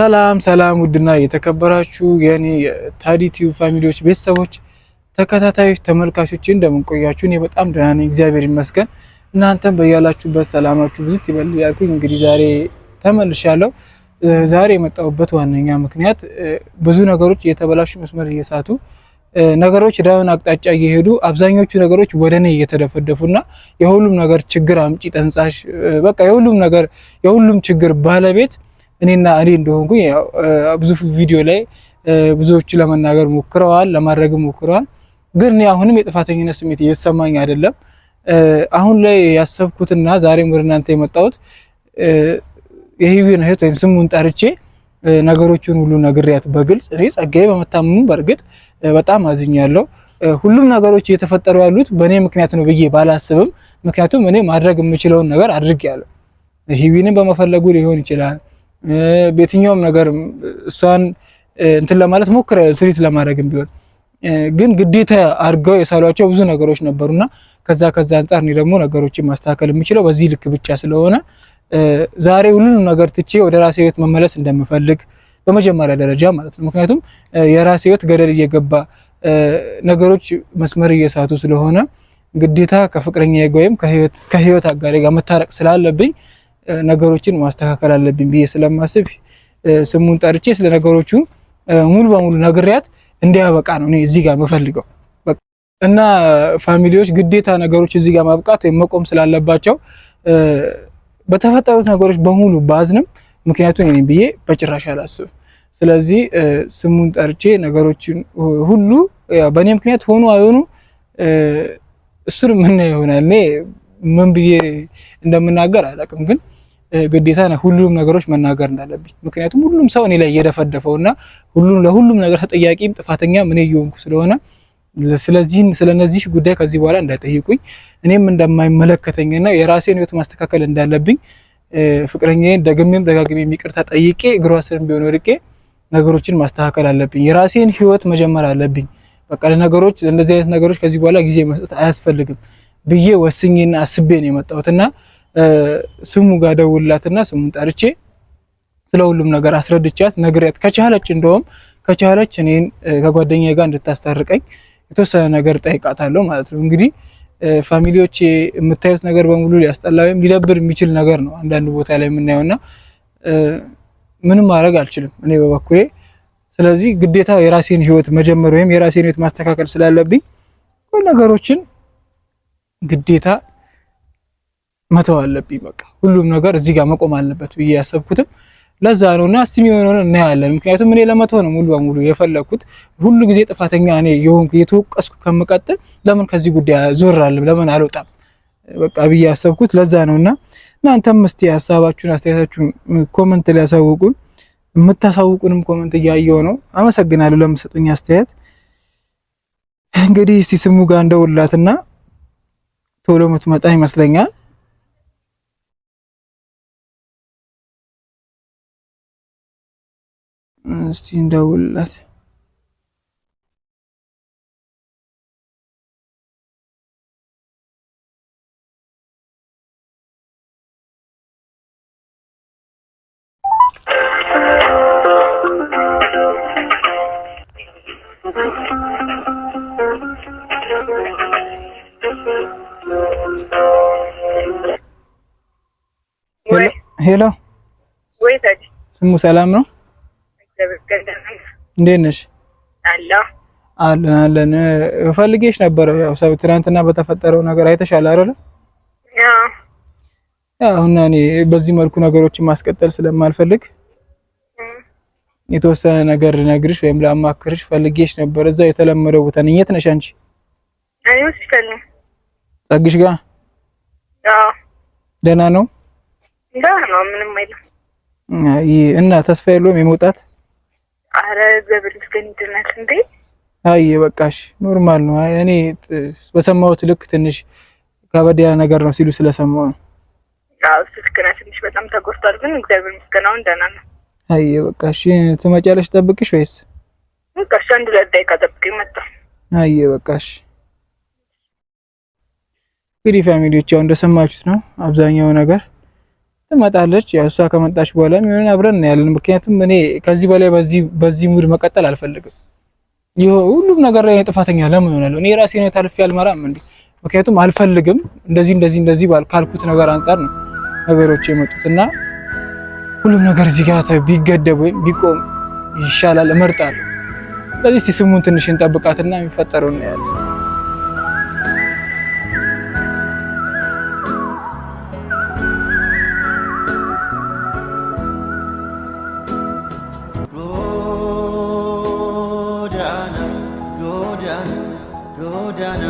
ሰላም ሰላም፣ ውድና የተከበራችሁ የኔ ታዲ ቲዩብ ፋሚሊዎች ቤተሰቦች፣ ተከታታዮች፣ ተመልካቾች እንደምን ቆያችሁ? እኔ በጣም ደህና ነኝ፣ እግዚአብሔር ይመስገን። እናንተም በያላችሁበት ሰላማችሁ ብዙት ይበል ያልኩኝ እንግዲህ ዛሬ ተመልሻለሁ። ዛሬ የመጣሁበት ዋነኛ ምክንያት ብዙ ነገሮች እየተበላሹ መስመር እየሳቱ ነገሮች ዳውን አቅጣጫ እየሄዱ አብዛኞቹ ነገሮች ወደ እኔ እየተደፈደፉና የሁሉም ነገር ችግር አምጪ ጠንጻሽ፣ በቃ የሁሉም ነገር የሁሉም ችግር ባለቤት እኔና እኔ እንደሆንኩኝ ብዙ ቪዲዮ ላይ ብዙዎቹ ለመናገር ሞክረዋል፣ ለማድረግ ሞክረዋል። ግን እኔ አሁንም የጥፋተኝነት ስሜት እየተሰማኝ አይደለም። አሁን ላይ ያሰብኩትና ዛሬም ወደ እናንተ የመጣሁት የህይወን እህት ወይም ስሙን ጠርቼ ነገሮችን ሁሉ ነግሬያት በግልጽ እኔ ጸጋዬ በመታመሙ በእርግጥ በጣም አዝኛለሁ። ሁሉም ነገሮች እየተፈጠሩ ያሉት በእኔ ምክንያት ነው ብዬ ባላስብም፣ ምክንያቱም እኔ ማድረግ የምችለውን ነገር አድርጌያለሁ። ህይወንን በመፈለጉ ሊሆን ይችላል በየትኛውም ነገር እሷን እንትን ለማለት ሞክረ ትሪት ለማድረግም ቢሆን ግን ግዴታ አድርገው የሳሏቸው ብዙ ነገሮች ነበሩና ከዛ ከዛ አንጻር እኔ ደግሞ ነገሮችን ማስተካከል የምችለው በዚህ ልክ ብቻ ስለሆነ ዛሬ ሁሉንም ነገር ትቼ ወደ ራሴ ህይወት መመለስ እንደምፈልግ በመጀመሪያ ደረጃ ማለት ነው። ምክንያቱም የራሴ ህይወት ገደል እየገባ ነገሮች መስመር እየሳቱ ስለሆነ ግዴታ ከፍቅረኛ ወይም ከህይወት አጋሪ ጋር መታረቅ ስላለብኝ ነገሮችን ማስተካከል አለብኝ ብዬ ስለማስብ ስሙን ጠርቼ ስለ ነገሮቹ ሙሉ በሙሉ ነግሬያት እንዲያበቃ ነው እኔ እዚህ ጋር የምፈልገው። እና ፋሚሊዎች ግዴታ ነገሮች እዚህ ጋር ማብቃት ወይም መቆም ስላለባቸው በተፈጠሩት ነገሮች በሙሉ ባዝንም ምክንያቱም እኔ ብዬ በጭራሽ አላስብም። ስለዚህ ስሙን ጠርቼ ነገሮችን ሁሉ በእኔ ምክንያት ሆኑ አይሆኑ እሱን ምን ይሆናል። ምን ብዬ እንደምናገር አላውቅም፣ ግን ግዴታ ሁሉም ነገሮች መናገር እንዳለብኝ ምክንያቱም ሁሉም ሰው እኔ ላይ እየደፈደፈው እና ሁሉም ለሁሉም ነገር ተጠያቂም ጥፋተኛ ምን እየሆንኩ ስለሆነ ስለዚህ ስለነዚህ ጉዳይ ከዚህ በኋላ እንዳይጠይቁኝ እኔም እንደማይመለከተኝና የራሴን ህይወት ማስተካከል እንዳለብኝ ፍቅረኛዬን ደግሜም ደጋግሜ ይቅርታ ጠይቄ እግሯ ስር ቢሆን ወድቄ ነገሮችን ማስተካከል አለብኝ። የራሴን ህይወት መጀመር አለብኝ። በቃ ለነገሮች ለእንደዚህ አይነት ነገሮች ከዚህ በኋላ ጊዜ መስጠት አያስፈልግም። ብዬ ወስኜና አስቤ ነው የመጣሁትና ስሙ ጋር ደውላትና ስሙን ጠርቼ ስለ ሁሉም ነገር አስረድቻት ነግሬያት ከቻለች እንደውም ከቻለች እኔን ከጓደኛዬ ጋር እንድታስታርቀኝ የተወሰነ ነገር ጠይቃታለሁ ማለት ነው። እንግዲህ ፋሚሊዎች የምታዩት ነገር በሙሉ ሊያስጠላ ወይም ሊደብር የሚችል ነገር ነው አንዳንድ ቦታ ላይ የምናየውና ምንም ማድረግ አልችልም እኔ በበኩሌ። ስለዚህ ግዴታ የራሴን ህይወት መጀመር ወይም የራሴን ህይወት ማስተካከል ስላለብኝ ነገሮችን ግዴታ መተው አለብኝ። በቃ ሁሉም ነገር እዚህ ጋር መቆም አለበት ብዬ ያሰብኩትም ለዛ ነው እና እስቲ የሚሆነውን እናያለን። ምክንያቱም እኔ ለመተው ነው ሙሉ በሙሉ የፈለግኩት። ሁሉ ጊዜ ጥፋተኛ እኔ የሆንኩ የተወቀስኩ ከምቀጥል ለምን ከዚህ ጉዳይ ዞራለሁ፣ ለምን አልወጣም በቃ ብዬ ያሰብኩት ለዛ ነው እና እናንተም እስቲ ሀሳባችሁን አስተያየታችሁን ኮመንት ላይ ያሳውቁን። የምታሳውቁንም ኮመንት እያየው ነው። አመሰግናለሁ ለምሰጡኝ አስተያየት። እንግዲህ እስቲ ስሙ ጋር እንደውላትና ቶሎ የምትመጣ ይመስለኛል። እስቲ እንደውልላት። ሄሎ፣ ስሙ ሰላም ነው? እንዴት ነሽ? አለን አለን። ፈልጌሽ ነበረ። ያው ሰው ትናንትና በተፈጠረው ነገር አይተሻል አይደለ? አሁን እኔ በዚህ መልኩ ነገሮችን ማስቀጠል ስለማልፈልግ የተወሰነ ነገር ልነግርሽ ወይም ላማክርሽ ፈልጌሽ ነበር። እዛ የተለመደው ቦታ ነኝ። የት ነሽ አንቺ? ጸግሽ ጋር ደህና ነው? ምንም አይልም። እና ተስፋ የለውም የመውጣት አረ እግዚአብሔር ይመስገን ይድናል እንዴ። አይ በቃሽ ኖርማል ነው። እኔ በሰማሁት ልክ ትንሽ ከበድ ያለ ነገር ነው ሲሉ ስለሰማሁ ነው። አዎ ስልክ ትንሽ በጣም ተጎድቷል፣ ግን እግዚአብሔር ይመስገን አሁን ደህና ነው። አይ በቃሽ ትመጫለሽ ጠብቅሽ ወይስ በቃሽ? አንድ ሁለት ደቂቃ ጠብቂኝ መጣ። አይ በቃሽ እንግዲህ ፋሚሊዎች ያው እንደሰማችሁት ነው አብዛኛው ነገር ትመጣለች። ያው እሷ ከመጣች በኋላ ምን አብረን ያለን ምክንያቱም እኔ ከዚህ በላይ በዚህ በዚህ ሙድ መቀጠል አልፈልግም። ይሄ ሁሉም ነገር ላይ እኔ ጥፋተኛ ለምን ሆነ እኔ ራሴ ነው ታልፍ አልመራም እንዴ? ምክንያቱም አልፈልግም። እንደዚህ እንደዚህ እንደዚህ ባል ካልኩት ነገር አንጻር ነው ነገሮች የመጡትና እና ሁሉም ነገር እዚህ ጋር ቢገደብ ወይም ቢቆም ይሻላል እመርጣለሁ። ስለዚህ ስሙን ትንሽ እንጠብቃትና የሚፈጠረው እናያለን። ጎዳና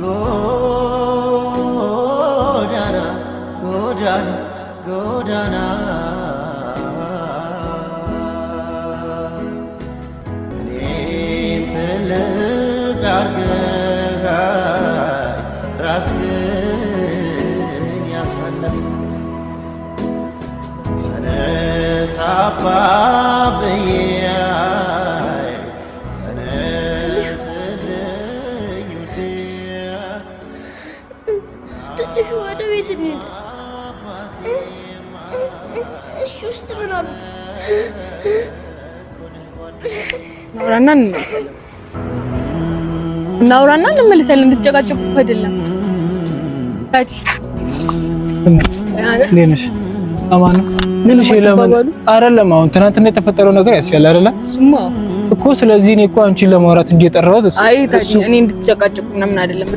ጎዳና ጎዳና ጎዳና እኔን ትልቅ አድርገህ ራስህን ያሳነስክ ትንሽ ወደ ቤት እንሂድ። እሺ ውስጥ ምን እናውራና እንመልሳለን። እናውራና እንመልሳለን። እንድትጨቃጨቁ አይደለም ታች አማን ምን እሺ፣ ለምን አይደለም? አሁን ትናንትና የተፈጠረው ነገር ያስያል አይደለ እኮ። ስለዚህ እኔ እኮ አንቺን ለማውራት እንጂ የጠራሁት እሱ አይ፣ ታጂ እኔ እንድትጨቃጨቁ ምናምን አይደለም።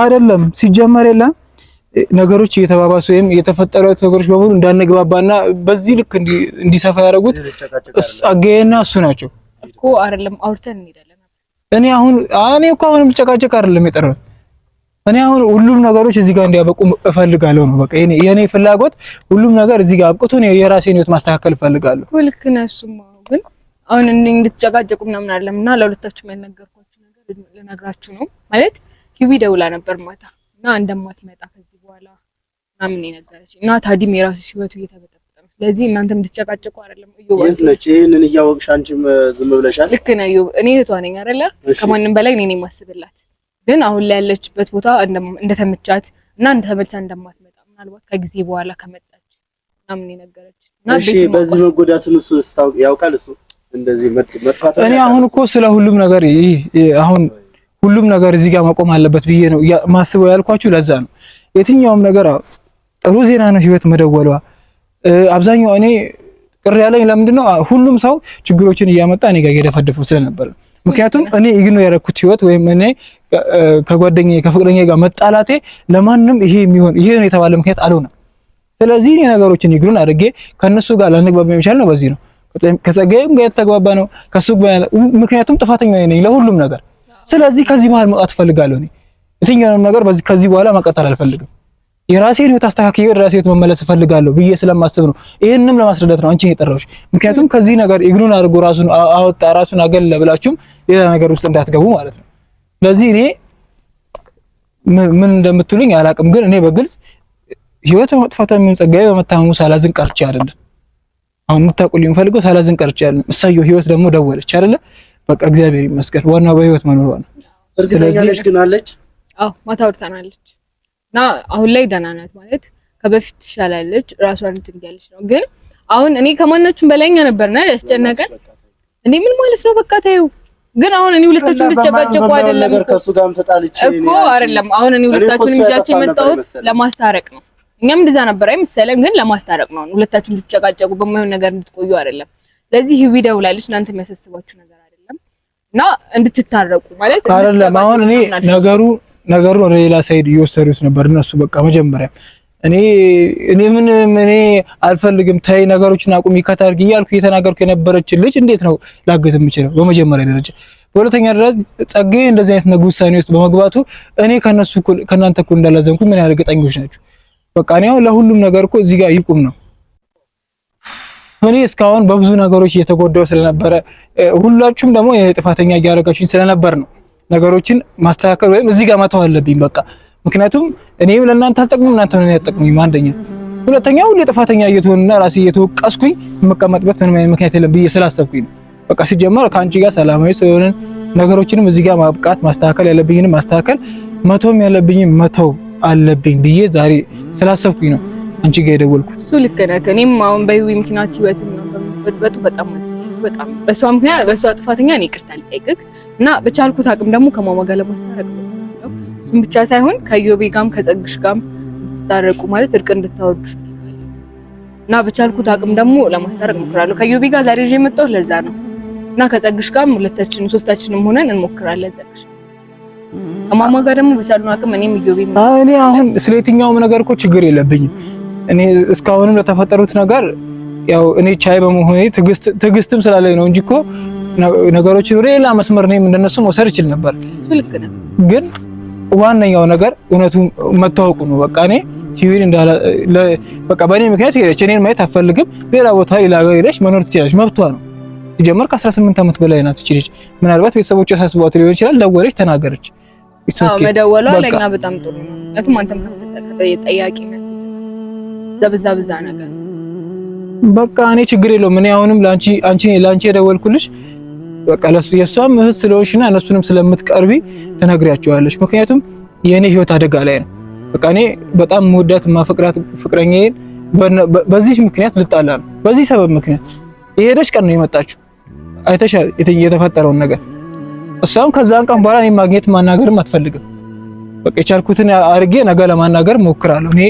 አይደለም ሲጀመር የለም ነገሮች እየተባባሱ ወይም የተፈጠሩት ነገሮች በሙሉ እንዳንግባባና በዚህ ልክ እንዲሰፋ ያደረጉት አገየና እሱ ናቸው እኮ። አይደለም አውርተን እንሄዳለን። እኔ አሁን እኔ እኮ አሁንም ልጨቃጨቅ አይደለም የጠራሁት እኔ አሁን ሁሉም ነገሮች እዚህ ጋር እንዲያበቁ እፈልጋለሁ ነው በቃ የኔ የኔ ፍላጎት ሁሉም ነገር እዚህ ጋር አብቅቶ ነው የራሴን ህይወት ማስተካከል እፈልጋለሁ። ልክ ነህ። እሱማ ግን አሁን እኔ እንድትጨቃጨቁ ምናምን አይደለም እና ለሁለታችሁም ያልነገርኳችሁ ነገር ልነግራችሁ ነው ማለት ኪዊ ደውላ ነበር ማታ እና እንደማትመጣ ከዚህ በኋላ ምናምን የነገረች እና ታዲም የራሱ ህይወቱ እየተበጠበጠ ነው። ስለዚህ እናንተ እንድትጨቃጨቁ አይደለም እዩ ወይስ ነጭ ይሄንን እያወቅሽ አንቺም ዝም ብለሻል። ልክ ነህ እዩ። እኔ እህቷ ነኝ አይደለ? ከማንም በላይ እኔ ነኝ የማስብላት ግን አሁን ላይ ያለችበት ቦታ እንደተመቻት እና እንደተመልሳ እንደማትመጣ ምናልባት ከጊዜ በኋላ ከመጣች ምናምን የነገረች እሺ። በዚህ መጎዳቱን እሱ ስታውቅ ያውቃል። እሱ እንደዚህ መጥፋት እኔ አሁን እኮ ስለ ሁሉም ነገር አሁን ሁሉም ነገር እዚህ ጋር መቆም አለበት ብዬ ነው ማስበው ያልኳችሁ። ለዛ ነው የትኛውም ነገር ጥሩ ዜና ነው ህይወት መደወሏ። አብዛኛው እኔ ቅር ያለኝ ለምንድን ነው ሁሉም ሰው ችግሮችን እያመጣ እኔ ጋር እየደፈደፈው ስለነበረ ምክንያቱም እኔ ይግኖ ያደረኩት ህይወት ወይም እኔ ከጓደኛዬ ከፍቅረኛዬ ጋር መጣላቴ ለማንም ይሄ የሚሆን ይሄ ነው የተባለ ምክንያት አልሆነም። ስለዚህ እኔ ነገሮችን ይግሩን አድርጌ ከነሱ ጋር ላንግባባ የሚቻል ነው። በዚህ ነው ከጸጋዬም ጋር የተግባባ ነው ከሱ ምክንያቱም ጥፋተኛ ነኝ ለሁሉም ነገር። ስለዚህ ከዚህ መሀል መውጣት እፈልጋለሁ። እኔ የትኛውንም ነገር ከዚህ በኋላ መቀጠል አልፈልግም። የራሴን ህይወት አስተካክዬ ወደ ራሴ ህይወት መመለስ እፈልጋለሁ ብዬ ስለማስብ ነው። ይህንም ለማስረዳት ነው አንቺን የጠራሁሽ። ምክንያቱም ከዚህ ነገር ኢግኖን አድርጎ ራሱን አወጣ ራሱን አገለ ብላችሁም ሌላ ነገር ውስጥ እንዳትገቡ ማለት ነው። ስለዚህ እኔ ምን እንደምትሉኝ አላቅም፣ ግን እኔ በግልጽ ህይወት በመጥፋቷ የሚሆን ጸጋዬ በመታመሙ ሳላዝን ቀርቼ አይደለም። አሁን እንድታውቁልኝ የምፈልገው ሳላዝን ቀርቼ አይደለም። እሳየው ህይወት ደግሞ ደወለች አይደለ? በቃ እግዚአብሔር ይመስገን፣ ዋናው በህይወት መኖሯ ነው። ስለዚህ ግን አለች። አዎ ማታ አውርታናለች። እና አሁን ላይ ደህና ናት ማለት ከበፊት ትሻላለች። ራሷን እንትን እያለች ነው። ግን አሁን እኔ ከማናችሁም በላይ እኛ ነበርና ያስጨነቀን። እኔ ምን ማለት ነው በቃ ታዩ ግን አሁን እኔ ሁለታችሁ እንድትጨቃጨቁ አይደለም ከሱ ጋርም ተጣልቼ እኮ አይደለም። አሁን እኔ ሁለታችሁን እንጃችሁ የመጣሁት ለማስታረቅ ነው። እኛም እንደዛ ነበር አይመሰለም፣ ግን ለማስታረቅ ነው። ሁለታችሁ እንድትጨቃጨቁ በማይሆን ነገር እንድትቆዩ አይደለም። ለዚህ ህዊ ደውላለች። እናንተ የሚያሳስባችሁ ነገር አይደለም እና እንድትታረቁ ማለት አይደለም። አሁን እኔ ነገሩ ነገሩን ወደ ሌላ ሳይድ እየወሰዱት ነበር እነሱ። በቃ መጀመሪያ እኔ እኔ ምን እኔ አልፈልግም ታይ ነገሮችን አቁም ይከታርግ እያልኩ እየተናገርኩ የነበረች ልጅ እንዴት ነው ላገት የምችለው? በመጀመሪያ ደረጃ በሁለተኛ ደረጃ ጸጌ እንደዚህ አይነት ነገር ውሳኔ ውስጥ በመግባቱ እኔ ከነሱ እኩል ከእናንተ እኩል እንዳላዘንኩ ምን ያህል እርግጠኞች ናቸው? በቃ እኔ አሁን ለሁሉም ነገር እኮ እዚህ ጋር ይቁም ነው። እኔ እስካሁን በብዙ ነገሮች እየተጎዳው ስለነበረ ሁላችሁም ደግሞ ጥፋተኛ እያደረጋችሁኝ ስለነበር ነው ነገሮችን ማስተካከል ወይም እዚህ ጋር መተው አለብኝ በቃ። ምክንያቱም እኔም ለእናንተ አልጠቅሙም፣ እናንተ ነው ያጠቅሙኝ። አንደኛ ሁለተኛ፣ ሁሌ ጥፋተኛ እየተሆንና ራሴ እየተወቀስኩኝ የምቀመጥበት ምንም አይነት ምክንያት የለም ብዬ ስላሰብኩኝ ነው በቃ። ሲጀመር ከአንቺ ጋር ሰላማዊ ስለሆንን ነገሮችንም እዚህ ጋር ማብቃት ማስተካከል ያለብኝንም ማስተካከል መተውም ያለብኝም መተው አለብኝ ብዬ ዛሬ ስላሰብኩኝ ነው አንቺ ጋር የደወልኩት። እሱ ልክ ነህ። እኔም አሁን በህዊ ምክንያት ህይወት ነው በጣም በጣም በእሷ ምክንያት በእሷ ጥፋተኛ እኔ ይቅርታ ልጠይቅህ እና በቻልኩት አቅም ደግሞ ከማማ ጋር ለማስታረቅ እሱም ብቻ ሳይሆን ከዮቤ ጋም ከጸግሽ ጋም እንድትታረቁ ማለት እርቅ እንድታወዱ እና በቻልኩት አቅም ደግሞ ለማስታረቅ እሞክራለሁ። ከዮቤ ጋር ዛሬ ይዤ የመጣሁት ለዛ ነው እና ከጸግሽ ጋም ሁለታችን ሶስታችንም ሆነን እንሞክራለን። ጸግሽ ከማማ ጋር ደግሞ በቻልኩት አቅም እኔም ዮቤ እኔ አሁን ስለየትኛውም ነገር እኮ ችግር የለብኝም። እኔ እስካሁንም ለተፈጠሩት ነገር ያው እኔ ቻይ በመሆኔ ትግስትም ስላለኝ ነው እንጂ እኮ ነገሮች ወደ ሌላ መስመር ነው እንደነሱ መውሰድ ይችል ነበር። ግን ዋነኛው ነገር እውነቱ መታወቁ ነው። በቃ እኔ ሂዊን እንዳላ በቃ በእኔ ምክንያት ሄደች። እኔን ማየት አትፈልግም። ሌላ ቦታ ሌላ ሀገር ሄደች መኖር ትችላለች፣ መብቷ ነው። ሲጀመር ከ18 ዓመት በላይ ናት። ትችልች ምናልባት ቤተሰቦቿ ሳስቧት ሊሆን ይችላል። ደወለች፣ ተናገረች። መደወሏ ለእኛ በጣም ጥሩ ነው። ምክንያቱም አንተም ጠያቂ ዘብዛ ብዛ ነገር በቃ እኔ ችግር የለውም። እኔ አሁንም ለአንቺ አንቺ ለአንቺ የደወልኩልሽ በቃ ለሱ የሷም እህት ስለሆንሽና እነሱንም ስለምትቀርቢ ትነግሪያቸዋለሽ። ምክንያቱም የእኔ ህይወት አደጋ ላይ ነው። በቃ እኔ በጣም መውዳት ማፈቅራት ፍቅረኛዬን በዚህ ምክንያት ልጣላ ነው። በዚህ ሰበብ ምክንያት የሄደች ቀን ነው የመጣችው። አይተሻል የተፈጠረውን ነገር። እሷም ከዛን ቀን በኋላ እኔ ማግኘት ማናገርም አትፈልግም። በቃ የቻልኩትን አድርጌ ነገ ለማናገር ሞክራለሁ እኔ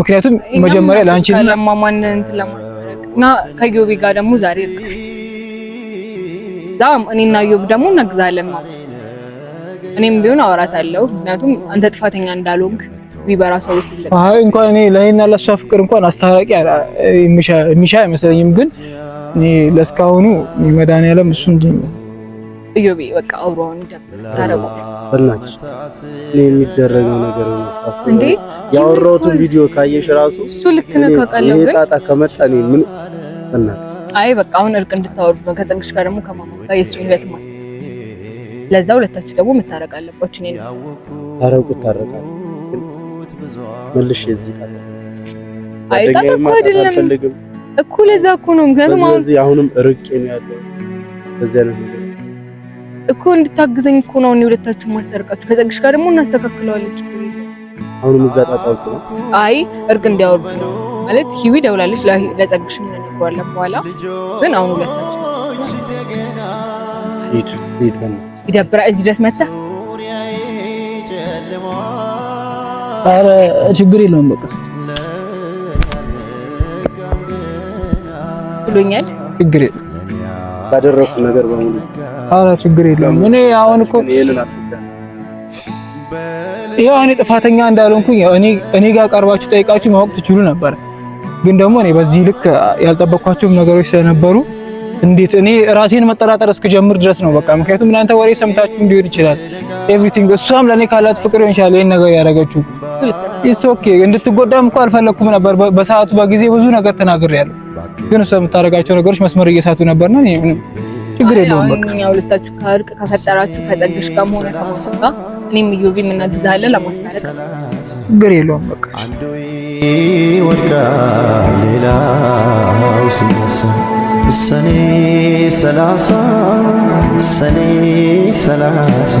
ምክንያቱም መጀመሪያ ለአንቺ ለማማን እንትን ለማስታረቅ እና ከጊዮቤ ጋር ደግሞ ዛሬ ነው ከዛ እኔና ዮብ ደግሞ እናግዛለን ማለት እኔም ቢሆን አወራታለሁ። ምክንያቱም አንተ ጥፋተኛ እንዳልሆንክ ቢበራ ሰው አይ እንኳን እኔ ለእኔና ለሷ ፍቅር እንኳን አስታራቂ የሚሻ አይመስለኝም። ግን እኔ ለእስካሁኑ መድኃኒዓለም እሱ እንዲ እዮቤ በቃ አውሮን ታረቁ። በእናትሽ እኔ የሚደረገው ነገር ነው እንዴ? ያወራሁትን ቪዲዮ ካየሽ ራሱ እሱ ልክ ነው። ከቀለው ግን ጣጣ ከመጣ እኔ ምን በእናትሽ አይ በቃ አሁን እርቅ እንድታወሩ ነው። ከፀንግሽ ጋር ደግሞ ከማማ ጋር የእሱን ህይወት ማስተካከል፣ ለዛ ሁለታችሁ ደግሞ መታረቅ አለባችሁ። እኔ ታረቁ ታረቃል መልሽ የዚህ ቃል አይ ቃል አይደለም እኮ ለዛ እኮ ነው። ምክንያቱም አሁን ስለዚህ አሁንም እርቄ ነው ያለው በዚህ አይነት ነገር እኮ እንድታግዘኝ እኮ ነው እኔ ሁለታችሁ ማስታረቃችሁ። ከፀንግሽ ጋር ደግሞ እናስተካክለዋለች። አሁንም እዛ ጣጣ ውስጥ ነው። አይ እርቅ እንዲያወርዱ ነው ማለት ሂዊ ደውላለች ለጸግሽ ምን እንግባለን በኋላ ግን አሁን ሁለት ይደብራ እዚህ ድረስ መጣ። አረ ችግር የለውም በቃ ብሎኛል። ችግር የለም ባደረኩት ነገር በሙሉ አረ ችግር የለውም። እኔ አሁን እኮ ይሄ እኔ ጥፋተኛ እንዳልሆንኩኝ እኔ እኔ ጋር ቀርባችሁ ጠይቃችሁ ማወቅ ትችሉ ነበር። ግን ደግሞ እኔ በዚህ ልክ ያልጠበኳቸውም ነገሮች ስለነበሩ እንዴት እኔ ራሴን መጠራጠር እስክጀምር ድረስ ነው በቃ። ምክንያቱም እናንተ ወሬ ሰምታችሁ ሊሆን ይችላል ኤቭሪቲንግ። እሷም ለኔ ካላት ፍቅር ሊሆን ይችላል ይሄን ነገር ያደረገችው። ኢትስ ኦኬ። እንድትጎዳም እኮ አልፈለኩም ነበር። በሰዓቱ በጊዜ ብዙ ነገር ተናግሬያለሁ፣ ግን እሷ የምታደርጋቸው ነገሮች መስመር እየሳቱ ነበርና እኔ ችግር የለውም በቃ። ሁለታችሁ ከእርቅ ከፈጠራችሁ ከጠግሽ ጋር መሆን ከሞት ጋር እኔም እዮብ እናግዛለን ለማስታረቅ ግር የለውም። በቃ አንዱ ይወድቃል፣ ሌላው ሲነሳ ሰኔ ሰላሳ ሰኔ ሰላሳ